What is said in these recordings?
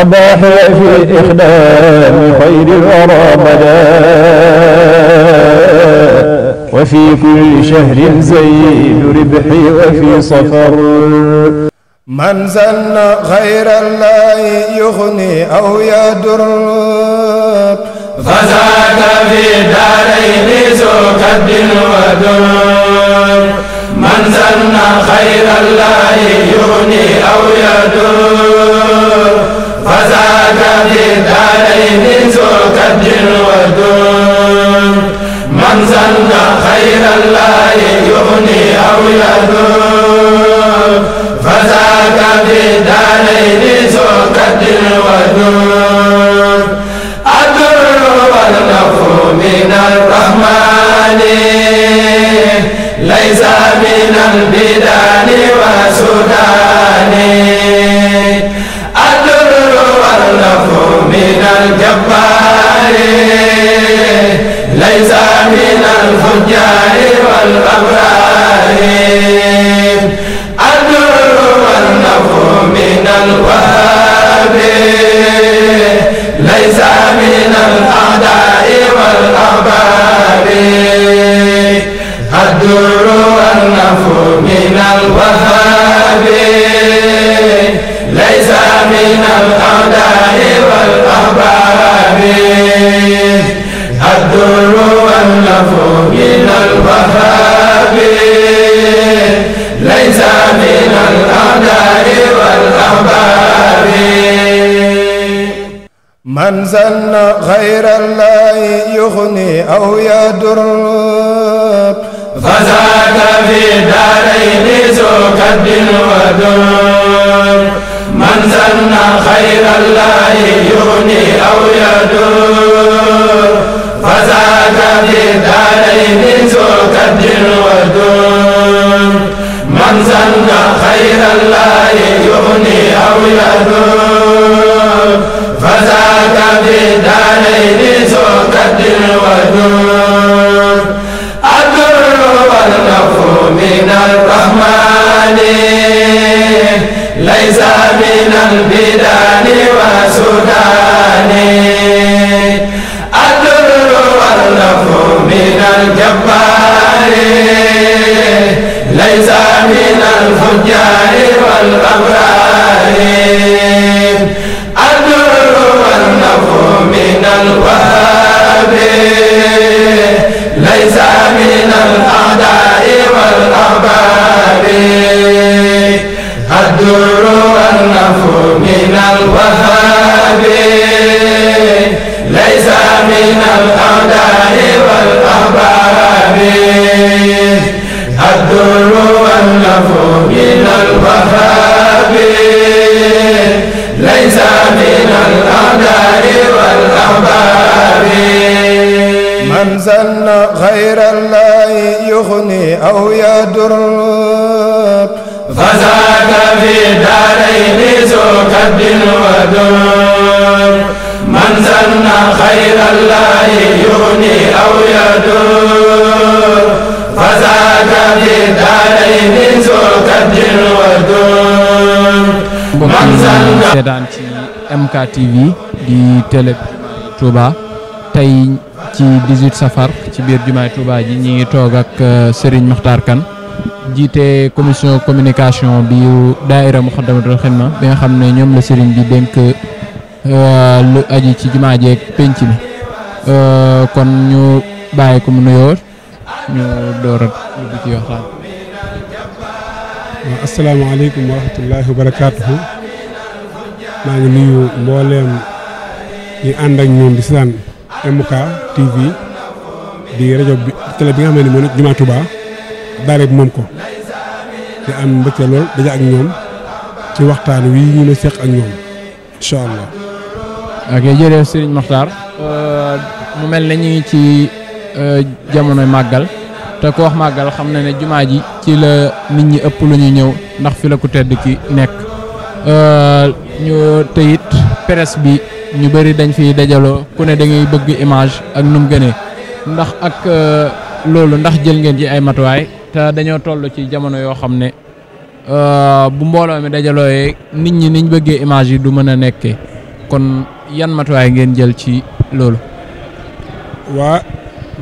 وضاحي في إخدام خير الورى بدا وفي كل شهر زيد ربحي وفي صفر من زن غير الله يغني أو يدر فزاد في دارين ذو قد ودر من زن خير الله يغني أو يدر فزاد بالدارين زوك الدين ودون من ظن خير الله يغني أو يدور فزاد بالدارين زوك الدين ودور الدر والنفو من الرحمن ليس من البدان وسدان الجبار ليس من الفجار والأبرار النور والنفع من الوهاب ليس أنزلنا غير الله يغني أو يضر فزاد في دارين زكاة ودر من زن خير الله يغني أو يضر فزاد في دارين زكاة له من الجبار ليس من الفجار والأبرار الدر والنفع من الوهاب ليس من الأعداء والأحباب الدر والنفع من الوهاب ليس من الأعداء والأحباب الدر والنفع من الوهاب ليس من الأعداء والأحباب من زل غير الله يغني أو يضر فزاد في دارين ذو كد ودر أنزلنا خير الله يغني أو يدور فزاد بالدارين ذو كد ودور منزلنا seetaan ci MKTV di télé Touba tey ci 18 safar ci biir jumaay Touba ji ñi ngi toog ak euh, sëriñ Makhtar Kane jiite communication bi daaira Moukhaddamatoul Khidma bi nga xam ne ñoom la Serigne bi dénk lu aji ci jumaa jeeg penc mi euh, kon ñu bàyyi ko mu nuyoo ñu doorat lu ci waxtaan. waaw asalaamaaleykum wa rahmatullaahi wa barakaatuhu maa ngi nuyu mbooleem ñi ànd ak ñoom di seetaan MK TV di rajo bi télé bi nga xam ne moo nekk Jumaa Tuubaa daare bi moom ko di am mbëcce lool daja ak ñoom ci waxtaan wi ñu ne seq ak ñoom incha allah. ok jërëjëf Serigne Makhtar euh, mu mel ne ñu ci euh, jamonoy màggal te ku wax màggal xam na ne jumaa ji ci la nit ñi ëpp lu ñu ñëw ndax fi la ku tedd ki nekk euh, ñu teyit presse bi ñu bëri dañ fiy dajaloo ku ne dangay ngay bëgg image ak nu mu gënee ndax ak loolu ndax jël ngeen ci ay matuwaay te dañoo toll ci jamono yoo xam ne bu mbooloo mi dajalooyee nit ñi niñ bëggee image yi du mën a nekkee kon. yan matuwaay ngeen jël ci loolu. waa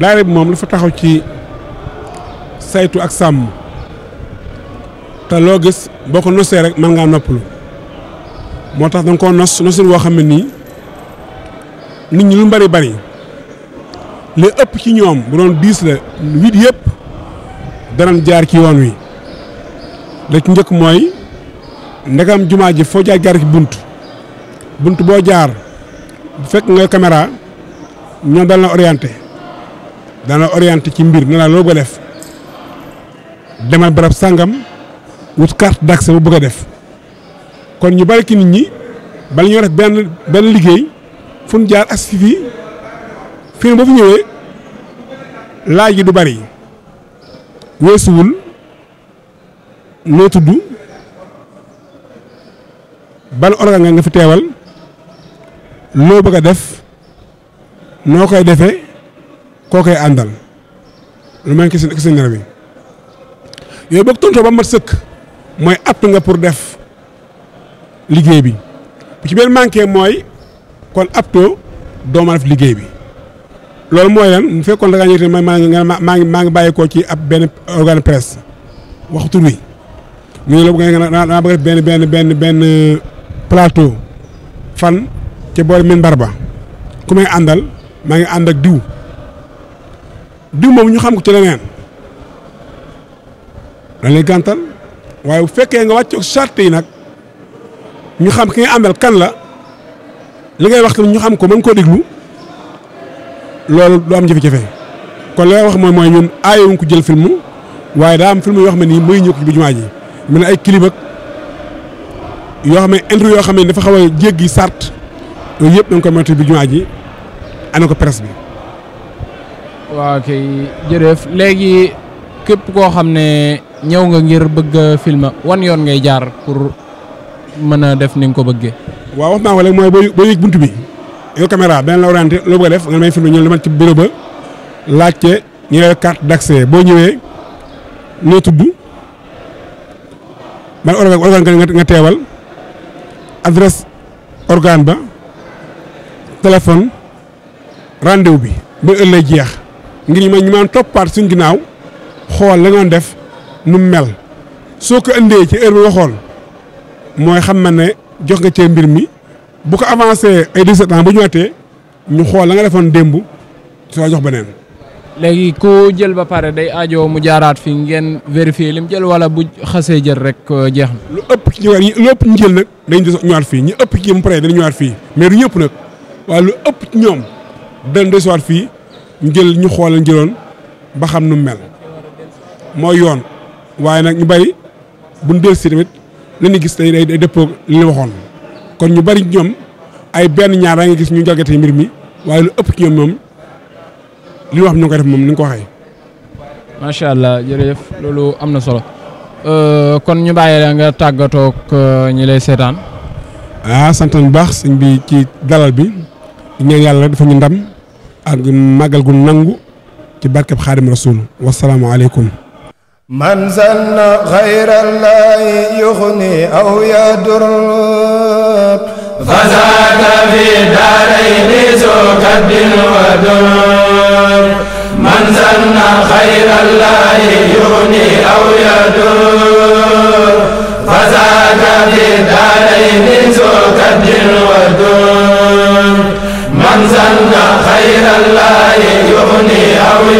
daara bi moom fa taxaw ci saytu ak sàmm te loo gis boo ko nosee rek mën ngaa noppalu moo tax danga koo nos nosin woo xam ne nii nit ñi lu bari bari li ëpp ci ñoom bu doon diis la huit yépp danañ jaar ci yoon wi da ci njëkk mooy ndegam jumaa ji foo jaar jaar ci bunt bunt boo jaar. bu fekk nga caméra ñoom dal na orienté dana orienté ci mbir ne la loo bëgg def demal barab sàngam wut carte d'accès bu bëgg def kon ñu bari ki nit ñi bala ñoo def benn benn liggéey fu jaar as fii fii ba fi ñëwee laaj yi du bari weesuwul noo tudd ban organ nga fi teewal. loo bëgg a def noo koy defe koo koy àndal lu mel ni seen seen yaram yi yooyu tontoo ba mat sëkk mooy apt nga pour def liggéey bi bu ci benn manqué mooy kon aptoo doo ma def liggéey bi loolu mooy lan mu fekkoon da ngaa ñëw ma maa ngi maa ngi bàyyi koo ci ab benn organe presse waxtu wi mu ne la nga bëgg a def benn benn benn benn euh, plateau fan ca ci boori minbar ba ku may àndal maa ngi ànd ak diw diw moom ñu xam ko ci leneen dañ lay gàntal waaye bu fekkee nga wàcc sart yi nag ñu xam ki nga àndal kan la li ngay wax tamit ñu xam ko mën koo déglu loolu du am jafe-jafe kon li wax mooy mooy ñun aayewuñ ko jël film waaye daa am film yoo xam ne nii muy ñëw ko ci jumaa ji mu ne ay clip yoo xam ne intro yoo xam ne dafa xaw a jéggi sart yooyu yëpp da nga ko moytu bi jumaa ji ana ko presse bi. waaw kay jërëjëf léegi képp koo xam ne ñëw nga ngir bëgg a film wan yoon ngay jaar pour mën a def ni nga ko bëgge waaw wax naa ko léegi mooy boo yëg buntu bi yow caméra benn la orienté loo bëgg a def nga may filmé ñu lu boo ñëwee noo tudd man organ organ nga teewal adresse organe ba. téléphone rendez bi ba ëllëg jeex ngir ñu ma ñu maan toppaat suñ ginnaaw xool la def nu mel soo ko indee ci heure bi waxoon mooy xam na ne jox nga cee mbir mi bu ko avancé ay 17 ans bu ñëwaatee ñu xool la nga defoon démb soo jox beneen. léegi ku jël ba pare day aajo mu jaaraat fi ngeen vérifier mu jël wala bu xasee jël rek euh, jeex na. lu ëpp ci lu ëpp ñu jël nag dañu des ñëwaat fii ñu ëpp ci mu pare dana ñëwaat fii mais du ñëpp nag. waaye lu ëpp ci ñoom dañ desuwaat fii ñu jël ñu xoolal njëloon ba xam nu mel mooy yoon waaye nag ñu bari buñ del si tamit la ñuy gis tey day dëppoo li waxoon kon ñu bari ñoom ay benn ñaar daa nga gis ñu jalgatee mbir mi waaye lu ëpp ci ñoom moom li ñu wax ñu ngi koy def moom ni nga ko waxee. macha allah jërëjëf loolu am na solo euh, kon ñu bàyyi la nga tàggatoo ak euh, ñi lay seetaan. ah sant bu baax sëñ bi ci dalal bi. ñaan yàlla dafa ñu ndam ak màggal gu nangu ci barkeb xaadim rasul wasalaamu aleykum man zanna xayrallaahi yuxni aw yadur fazaada fi daarayni sukaddin wa dur man zanna xayrallaahi yuxni aw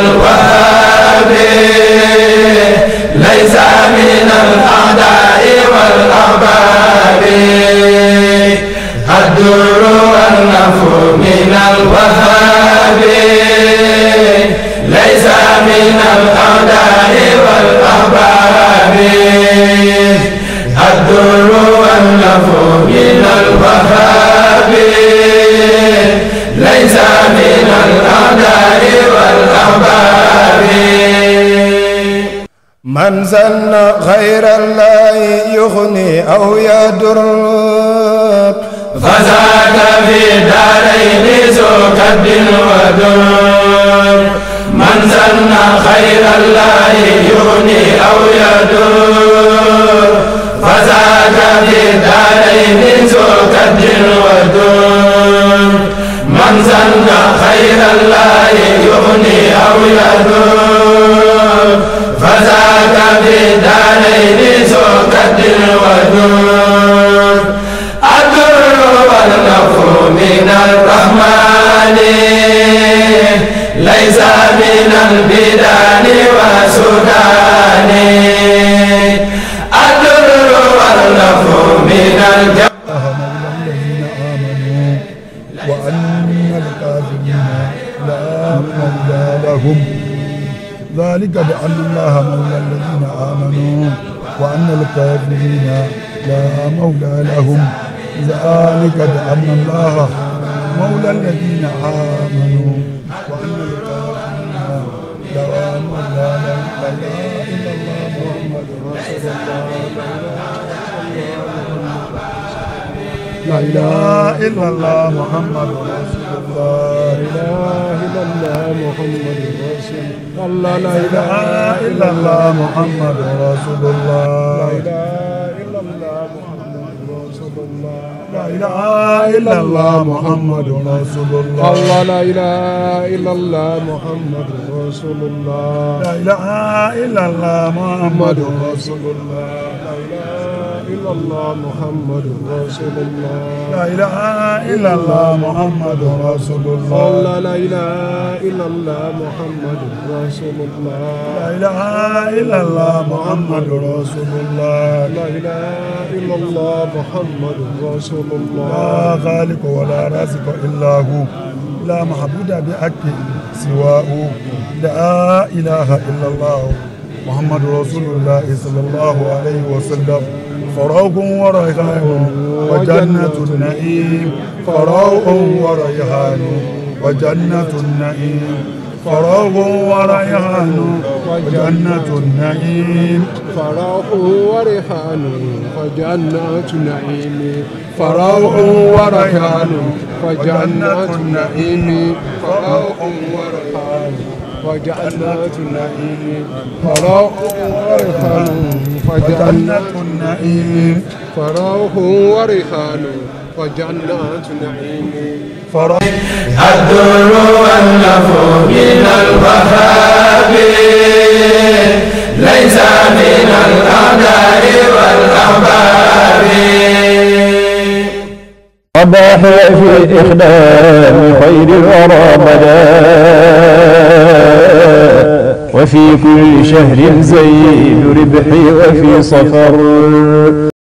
al man zanna ghayra llahi yughni aw yadur fazaaka fi daarayni sukaddin wa dur man zanna ghayra llahi yughni aw yadur fazaaka fi daarayni sukaddin wa أهم الذين آمنوا وأن الكافرين لا مولى لهم ذلك بأن الله مولى الذين آمنوا وأن الكافرين لا مولى لهم ذلك بأن الله مولى الذين آمنوا لا إله إلا الله محمد رسول الله لا إله إلا الله محمد رسول الله لا إله إلا الله محمد رسول الله لا إله إلا الله محمد رسول الله الله لا إله إلا الله محمد رسول الله لا إله إلا الله محمد رسول الله الله محمد رسول الله لا إله إلا الله محمد رسول الله لا لا إله إلا الله محمد رسول الله لا إله إلا الله محمد رسول الله لا إله إلا الله محمد رسول الله لا خالق ولا رازق إلا هو لا معبود بحق سواه لا إله إلا الله محمد رسول الله صلى الله عليه وسلم فروغ وريحان وجنة النعيم فروغ وريحان وجنة النعيم فراغ وريحان وجنة النعيم فراغ وريحان وجنة النعيم فراغ وريحان وجنة النعيم فراغ وريحان وجنة النعيم فراغ وريحان وجنة النعيم فروح وريحان وجنة نعيم فروح الدر ألف من الوهاب ليس من الأعداء والأحباب صباح في إخدام خير الورى بدأ وفي كل شهر زيد ربحي وفي صفر